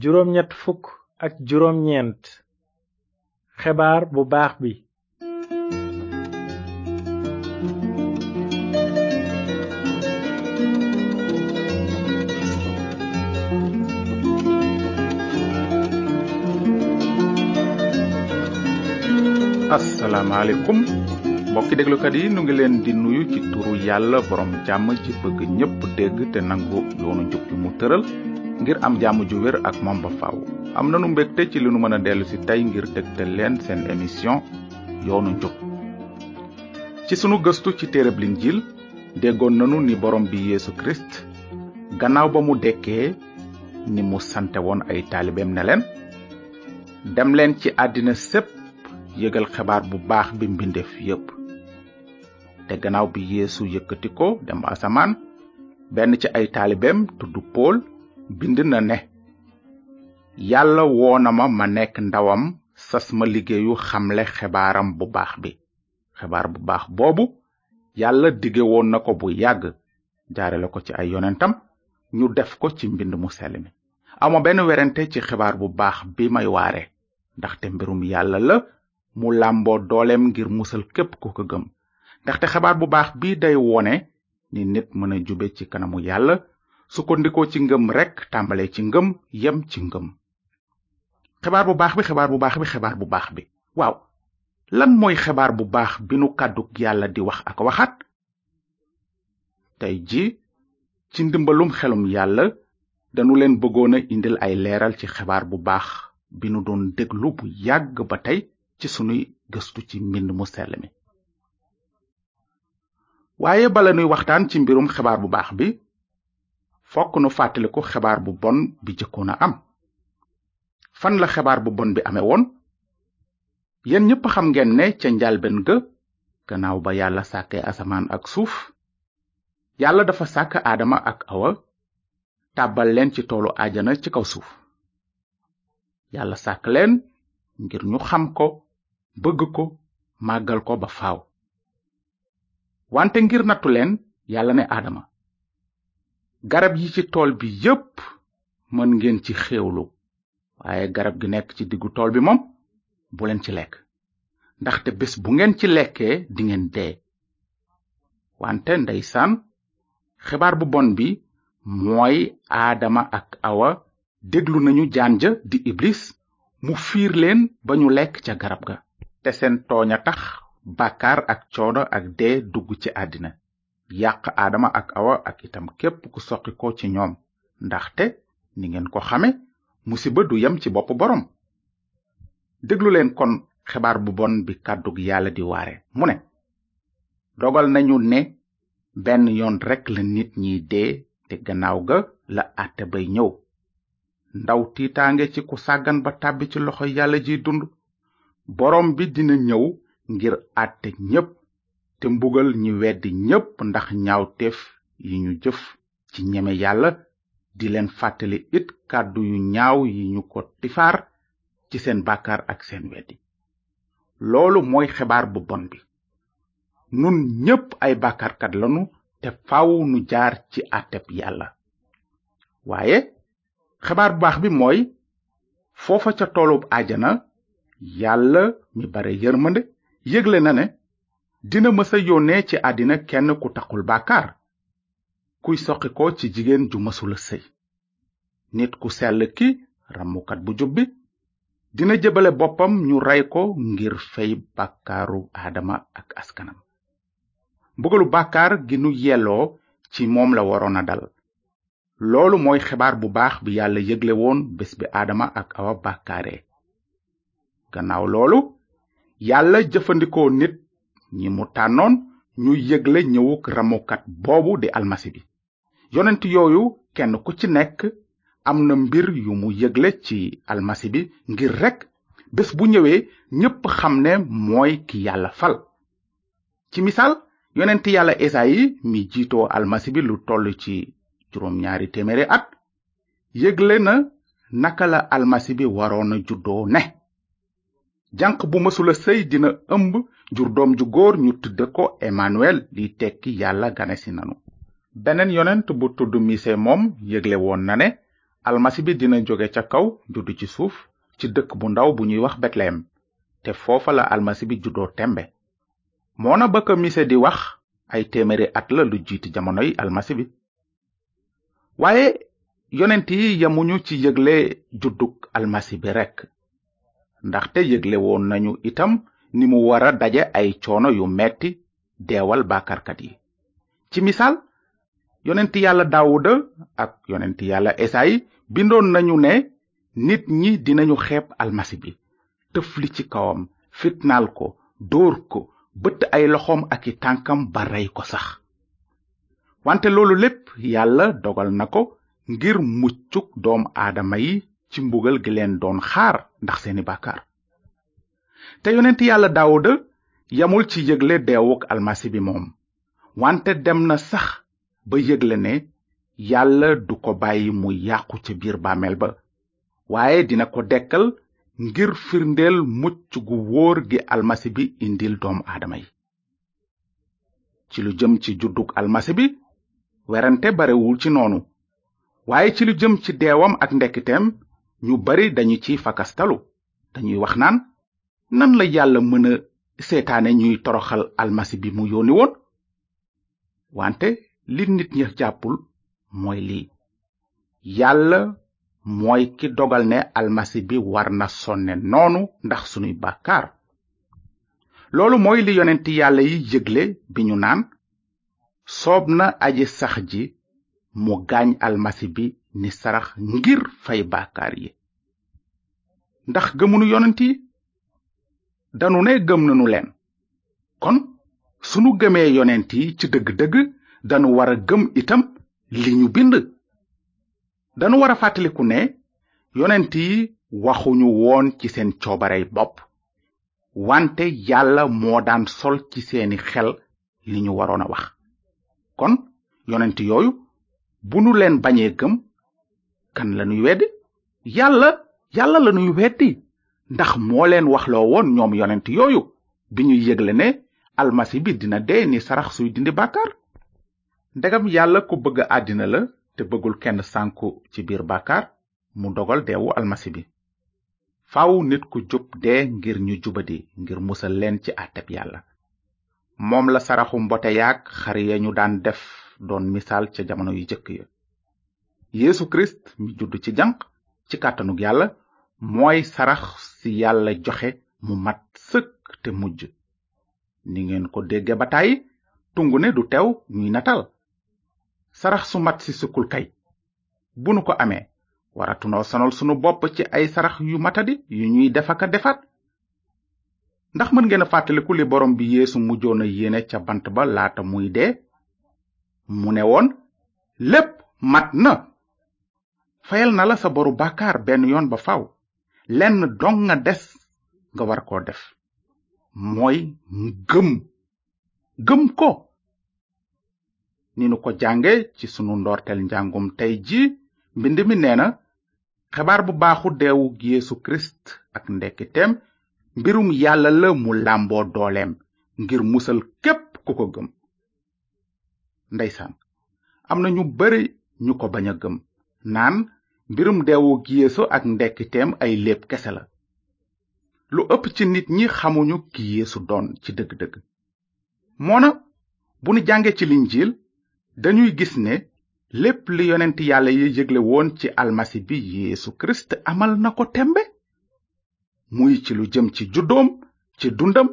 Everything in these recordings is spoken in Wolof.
juróom ñett fukk ak juróom ñeent bu baax bi asalaamaaleykum mbokki déglukat yi nu ngi leen di nuyu ci turu yàlla borom jàmm ci bëgg ñépp dégg te nangu yoonu njub bi mu tëral ngir am jàmm ju wér ak moom ba faaw am nanu mbégte ci li nu mën a dellu tey ngir dégtal leen seen émission yoonu njub ci sunu gëstu ci téereb linjiil déggoon nanu ni borom bi Yeesu Kirist gannaaw ba mu dekkee ni mu sante woon ay taalibeem ne leen dem leen ci àddina sépp yëgal xabaar bu baax bi mbindeef yépp te gannaaw bi yéesu yëkkati ko dem asamaan benn ci ay taalibeem tudd Pool bind na ne yàlla woona ma ma nekk ndawam sas ma liggéeyu xamle xebaaram bu baax bi xebaar bu baax boobu yàlla dige woon na ko bu yàgg jaarale ko ci ay yonentam ñu def ko ci mbind mu sell mi ama benn werante ci xebaar bu baax bi may waare ndaxte mbirum yàlla la mu làmboo doolem ngir musal képp ku ko gëm ndaxte xebaar bu baax bi day wone ni nit mën a jube ci kanamu yàlla sukkandikoo ci ngëm rekk tàmbalee ci ngëm yem ci ngëm xibaar bu baax bi xibaar bu baax bi xibaar bu baax bi waaw lan mooy xibaar bu baax bi nu kàddug yàlla di wax ak waxaat tey ji ci ndimbalum xelum yàlla danu leen bëggoon a indil ay leeral ci xibaar bu baax bi nu doon déglu bu yàgg ba tey ci sunuy gëstu ci mbind mu sell mi waaye bala nuy waxtaan ci mbirum xibaar bu baax bi fokk nu fàttaliku xebaar bu bon bi jëkkoon a am fan la xebaar bu bon bi amee woon yéen ñépp xam ngeen ne ca njaalben ga gannaaw ba yàlla sàkkee asamaan ak suuf yàlla dafa sàkk aadama ak awa tàbbal leen ci toolu ajana ci kaw suuf yàlla sàkk leen ngir ñu xam ko bëgg ko màggal ko ba faaw wante ngir nattu leen yàlla ne aadama garab yi ci tool bi yépp mën ngeen ci xéewlu waaye garab gi nekk ci diggu tool bi moom bu leen ci lekk ndaxte bés bu ngeen ci lekkee dingeen dee wante ndeysaan xibaar bu bon bi mooy aadama ak awa déglu nañu jaan ja di iblis mu fiir leen ba ñu lekk ca garab ga te seen tooñ a tax bàkkaar ak coono ak dee dugg ci àddina yàq aadama ak awa ak itam képp ku soqi ci ñoom ndaxte ni ngeen ko xame mu du yem ci bopp boroom déglu leen kon xibaar bu bon bi kàddug yàlla di waare mu ne dogal nañu ne benn yoon rekk la nit ñi dee te gannaaw ga la àtte bay ñëw ndaw tiitaange ci ku sàggan ba tàbbi ci loxo yàlla ji dund boroom bi dina ñëw ngir àtte ñépp te mbugal ñi weddi ñépp ndax ñaawteef yi ñu jëf ci ñeme yàlla di leen fàttali it kàddu yu ñaaw yi ñu ko tifaar ci seen bàkkaar ak seen weddi loolu mooy xibaar bu bon bi nun ñépp ay bàkkaarkat lanu te faw nu jaar ci àtteb yàlla waaye xibaar bu baax bi mooy foofa ca toolub ajana yàlla mi bare yërmande yëgle na ne dina mësa yónnee ci àddina kenn ku taxul bàkkaar kuy soqikoo ci jigéen ju mësula sëy nit ku sell ki ràmmukat bu jub dina jëbale boppam ñu rey ko ngir fey bàkkaaru aadama ak askanam mbugalu bàkkaar gi nu yelloo ci moom la waroon a dal loolu mooy xibaar bu baax bi yàlla yëgle woon bés bi aadama ak awa bàkkaare gannaaw loolu yàlla jëfandikoo nit ñi mu tànnoon ñu yëgle ñëwuk ramukat boobu di almasi bi yonent yooyu kenn ku ci nekk am na mbir yu mu yëgle ci almasi bi ngir rekk bés bu ñëwee ñépp xam ne mooy ki yàlla fal ci misaal yonent yàlla esayi mi jiitoo almasi bi lu toll ci juróom ñaari téeméeri at yëgle na naka la almasi bi waroon a juddoo ne janq bu mësula sëy dina ëmb jur doom ju góor ñu tudd ko emmanuel li tekki yàlla ganesi nanu beneen yonent bu tudd mise moom yëgle woon na ne almasi bi dina jóge ca kaw juddu ci suuf ci dëkk bu ndaw bu ñuy wax betlehem te foofa la almasi bi juddoo tembe moo na ko mise di wax ay téeméeri at la lu jiitu jamonoy almasi bi waaye yonent yi yamuñu ci yëgle juddug almasi bi rekk te yëgle woon nañu itam ni mu wara daje ay coono yu metti deewal bàkkarkat yi ci misaal yonent yàlla daawuda ak yonent yàlla esayi bindoon nañu ne nit ñi dinañu xepp almasi bi tëfli ci kawam fitnaal ko dóor ko bëtt ay loxoom ak i tànkam ba rey ko sax wante loolu lépp yàlla dogal na ko ngir muccuk doom aadama yi ci mbugal gi leen doon xaar ndax seeni bàkkaar te yonent yàlla daawuda yamul ci yëgle deewuk almasi bi moom wante dem na sax ba yëgle ne yàlla du ko bàyyi mu yàqu ca biir bàmmeel ba waaye dina ko dekkal ngir firndeel mucc gu wóor gi almasi bi indil doomu aadama yi ci lu jëm ci juddug almasi bi werante barewul ci noonu waaye ci lu jëm ci deewam ak ndekkiteem ñu bari dañu ciy fakastalu dañuy wax naan nan la yàlla mën a seetaane ñuy toroxal almasi bi mu yónni woon wante li nit ña jàppul mooy lii yàlla mooy ki dogal ne almasi bi war na sonne noonu ndax sunuy bàkkaar loolu mooy li yonent yàlla yi yëgle bi ñu naan soob na aji sax ji mu gaañ almasi bi ni sarax ngir fay bàkkaar yi ndax gëmunu yonent yi danu ne gëm nanu leen kon sunu gëmee yonent yi ci dëgg-dëgg danu war gëm itam li ñu bind danu war a fàttaliku ne yonent yi waxuñu woon ci seen coobare coobarey bopp wante yàlla moo daan sol ci seeni xel li ñu waroon a wax kon yonent yooyu bu nu leen bañee gëm kan lanuy weddi yàlla yàlla lanuy weddi ndax moo leen waxloo woon ñoom yonent yooyu bi ñu yégle ne almasi bi dina dee ni sarax suy dindi bàkkaar ndegam yàlla ku bëgg àddina la te bëggul kenn sànku ci biir bàkkaar mu dogal deewu almasi bi faw nit ku jub dee ngir ñu jubadi ngir musal leen ci àtteb yàlla moom la saraxu mbote yaag xar ya ñu daan def doon misaal ca jamono yu jëkk ya yéesu kirist mi judd ci janq ci kàttanug yàlla mooy sarax ci yàlla joxe mu mat sëkk te mujj ni ngeen ko dégge ba tàyyi tungu ne du teew ñuy natal sarax su mat ci sëkkul kay bu nu ko amee waratunoo sonal sunu bopp ci ay sarax yu matadi yu ñuy defaka defaat ndax mën ngeen a fàttaliku li borom bi yéesu mujjoon a yéene ca bant ba laata muy dee mu ne woon lépp mat na fayal na la sa boru bàkkaar benn yoon ba faw lenn dong nga def nga war koo def mooy gëm gëm ko ni nu ko jànge ci sunu ndoorteel njàngum tey ji mbind mi nee xabaar bu baaxu deewug yeesu krist ak ndekkiteem mbirum yàlla la mu làmboo dooleem ngir musal képp ku ko gëm ndeysaan am na ñu bari ñu ko bañ a gëm naan mbirum deewuk yeesu ak ndekkiteem ay léeb kese la lu ëpp ci nit ñi xamuñu ki yeesu doon ci dëgg-dëgg moona bu nu jànge ci linjiil dañuy gis ne lépp li yonent yàlla yi yëgle woon ci almasi bi yeesu kirist amal na ko tembe muy ci lu jëm ci juddoom ci dundam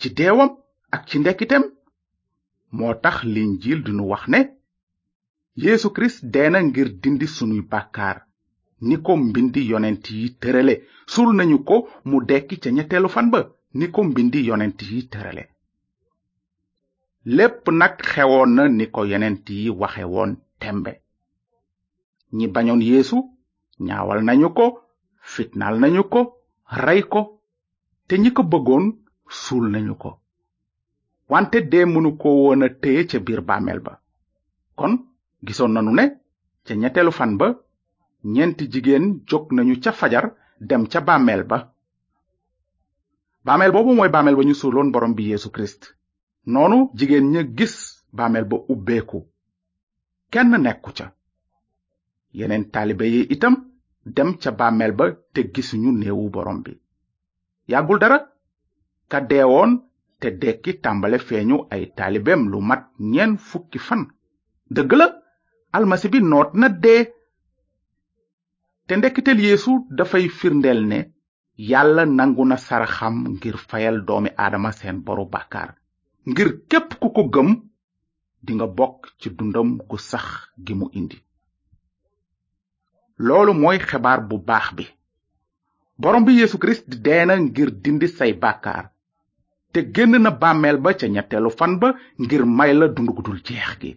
ci deewam ak ci ndekkiteem moo tax linjiil dinu wax ne yeesu kirist dee na ngir dindi sunuy bàkkaar ni ko mbindi yonent yi tërale suul nañu ko mu dekki ca ñetteelu fan ba ni ko mbindi yonent yi tërale lépp nag xewoon na ni ko yonent yi waxe woon tembe ñi bañoon yéesu ñaawal nañu ko fitnaal nañu ko rey ko te ñi ko bëggoon suul nañu ko wante de mënu ko woon a ca biir bàmmeel ba kon gisoon nanu ne ca ñetteelu fan ba ñeenti jigéen jóg nañu ca fajar dem ca bàmmeel ba bàmmeel boobu mooy bàmmeel ba ñu suuloon borom bi Yeesu Kirist noonu jigéen ña gis bàmmeel ba ubbeeku kenn nekku ca yeneen taalibe yi itam dem ca bàmmeel ba te gisuñu néewu borom bi yàggul dara ka te dekki tàmbale feeñu ay taalibeem lu mat ñeen fukki fan dëgg la almasi bi noot na dee te ndekkiteel yéesu dafay firndeel ne yàlla nangu na saraxam ngir fayal doomi aadama seen boru bàkkaar ngir képp ku ko gëm dinga bokk ci dundam gu sax gi mu indi loolu mooy xebaar bu baax bi boroom bi yéesu kirist dee ngir dindi say bàkkaar te génn na bàmmeel ba ca ñetteelu fan ba ngir may la dund gu jeex gi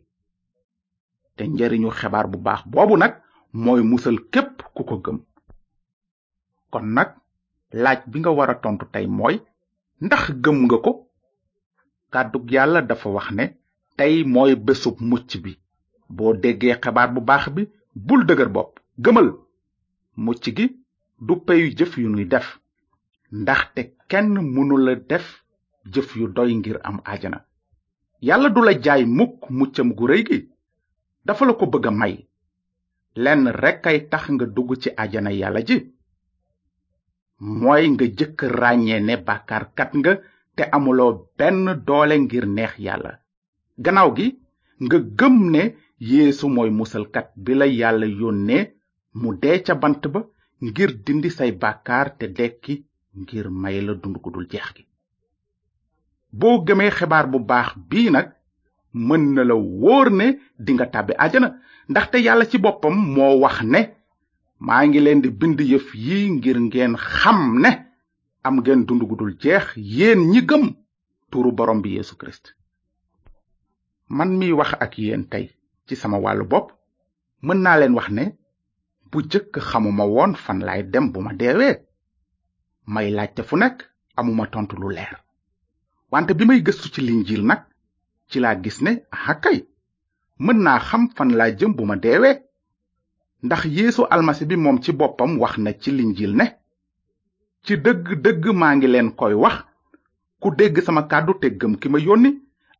te njariñu xebaar bu baax boobu nag mooy musal képp ku ko gëm kon nag laaj bi nga wara tontu tey mooy ndax gëm nga ko kàddug yàlla dafa wax ne tey mooy bésub mucc bi boo déggee xabaar bu baax bi bul dëgër bopp gëmal mucc gi du peyu jëf yu nuy def ndaxte kenn mënula def jëf yu doy ngir am ajana yàlla du la jaay mukk muccam gu réy gi dafa la ko bëgg a may lenn rekk ay tax nga dugg ci ajana yàlla ji mooy nga jëkk ràññee ne bàkkaarkat nga te amuloo benn doole ngir neex yàlla gannaaw gi nga gëm ne yéesu mooy musalkat bi la yàlla yónnee mu dee ca bant ba ngir dindi say bàkkaar te dekki ngir may la dund gu dul jeex gi boo gëmee xibaar bu baax bii nag mën na la wóor ne dinga tàbbi ajana ndaxte yàlla ci boppam moo wax ne maa ngi leen di bind yëf yii ngir ngeen xam ne am ngeen dund gu dul jeex yéen ñi gëm tuuru borom bi yéesu Christ. man mi wax ak yéen tey ci sama wàllu bopp mën naa leen wax ne bu jëkk xamuma woon fan laay dem bu ma deewee may laajte fu nekk amuma tontu lu leer wante bi may gëstu ci linjiil nag ci laa gis ne aha mën naa xam fan laa jëm bu ma deewee ndax yéesu almasi bi moom ci boppam wax na ci linjil ne ci dëgg-dëgg maa ngi leen koy wax ku dégg sama kàddu te gëm ki ma yónni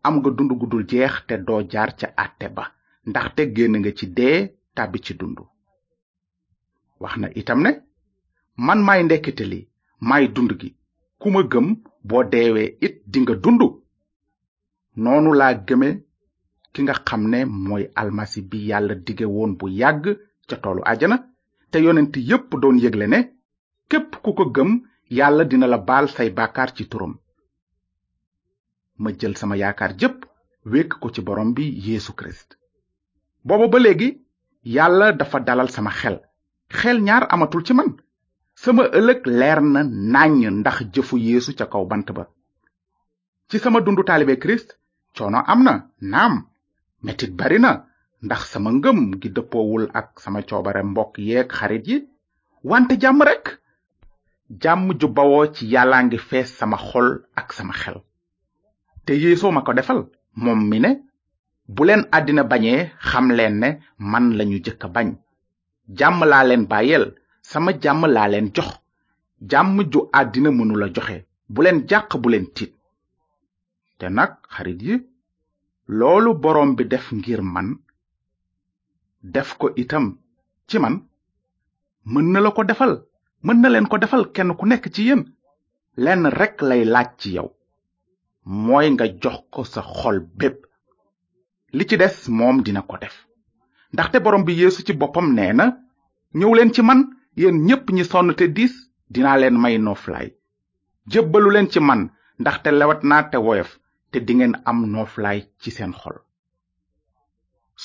am nga dund gu dul jeex te doo jaar ca àtte ba ndax te génn nga ci dee tàbbi ci dund wax na itam ne man may ndekkite li may dund gi ku ma gëm boo deewee it dinga dund noonu laa gëme ki nga xam ne mooy almasi bi yàlla digge woon bu yàgg ca toolu ajana te yonent yépp doon yégle ne képp ku ko gëm yàlla dina la baal say bàkkaar ci turam ma jël sama yaakaar jépp wékk ko ci borom bi Yeesu Kirist booba ba léegi yàlla dafa dalal sama xel xel ñaar amatul ci man sama ëllëg leer na nàññ ndax jëfu yéesu ca kaw bant ba ci sama dundu taalibe Kirist coono am na naam metit bari na ndax sama ngëm gi dëppoowul ak sama coobare mbokk yeeg xarit yi wante jàmm rekk jàmm ju bawoo ci yàllaa ngi fees sama xol ak sama xel te yeesoo ma ko defal moom mi ne bu leen àddina bañee xam leen ne man lañu jëkk a bañ jàmm laa leen bàyyeel sama jàmm laa leen jox jàmm ju àddina mënula joxe bu leen jàq bu leen tiit te nag xarit yi loolu borom bi def ngir man def ko itam ci man mën na la ko defal mën na leen ko defal kenn ku nekk ci yéen lenn rekk lay laaj ci yow mooy nga jox ko sa xol bépp li ci des moom dina ko def ndaxte borom bi yeesu ci boppam nee na ñëw leen ci man yéen ñépp ñi sonn te diis dinaa leen may nooflaay jébbalu leen ci man ndaxte lewat naa te woyof te dingeen am nooflaay ci seen xol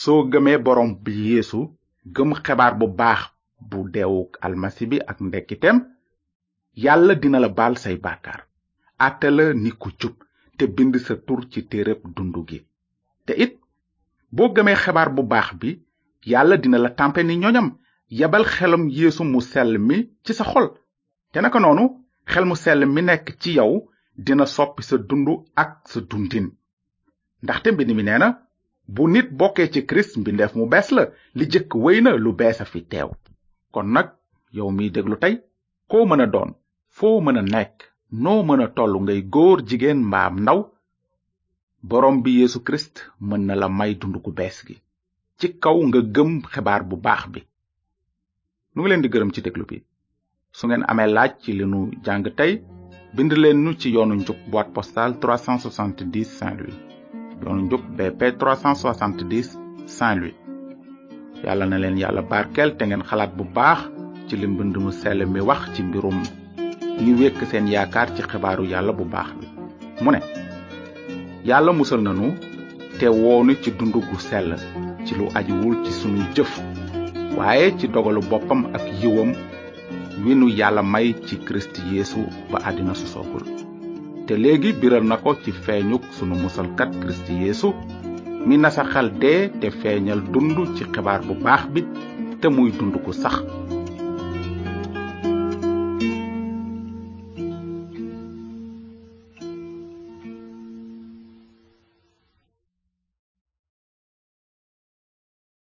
soo gëmee borom bi yeesu gëm xibaar bu baax bu deewuk almasi bi ak ndekkiteem yàlla dina la baal say bàkkaar àtte la ni te bind sa tur ci téereb dundu gi te it boo gëmee xibaar bu baax bi yàlla dina la tàmpe ni ñoñam yabal xelum yéesu mu sell mi ci sa xol te naka noonu xel mu sell mi nekk ci yow dina soppi sa dund ak sa dundin ndaxte mbind mi nee na bu nit bokkee ci kirist mbindeef mu bees la li jëkk wéy na lu bees a fi teew kon nag yow mii déglu tey koo mën a doon foo mën a nekk noo mën a toll ngay góor jigéen mbaam ndaw borom bi yeesu kirist mën na la may dund gu bees gi ci kaw nga gëm xibaar bu baax bi nu ngi leen di gërëm ci déglu bi su ngeen amee laaj ci li nu jàng tey bind leen nu ci yoonu njub boîte postale 370 Saint-Louis yoonu njub BP 370 Saint-Louis yàlla na leen yàlla barkeel te ngeen xalaat bu baax ci li mbind mu sell mi wax ci mbirum ñi wékk seen yaakaar ci xibaaru yàlla bu baax bi mu ne yàlla musal nanu te woonu ci dund gu sell ci lu ajuwul ci sunuy jëf waaye ci dogalu boppam ak yiwam winu nu yàlla may ci kirist yeesu ba àddina sosoogul te léegi biral na ko ci feeñuk sunu musalkat kirist yeesu mi nasaxal dee te feeñal dund ci xibaar bu baax bi te muy dund ko sax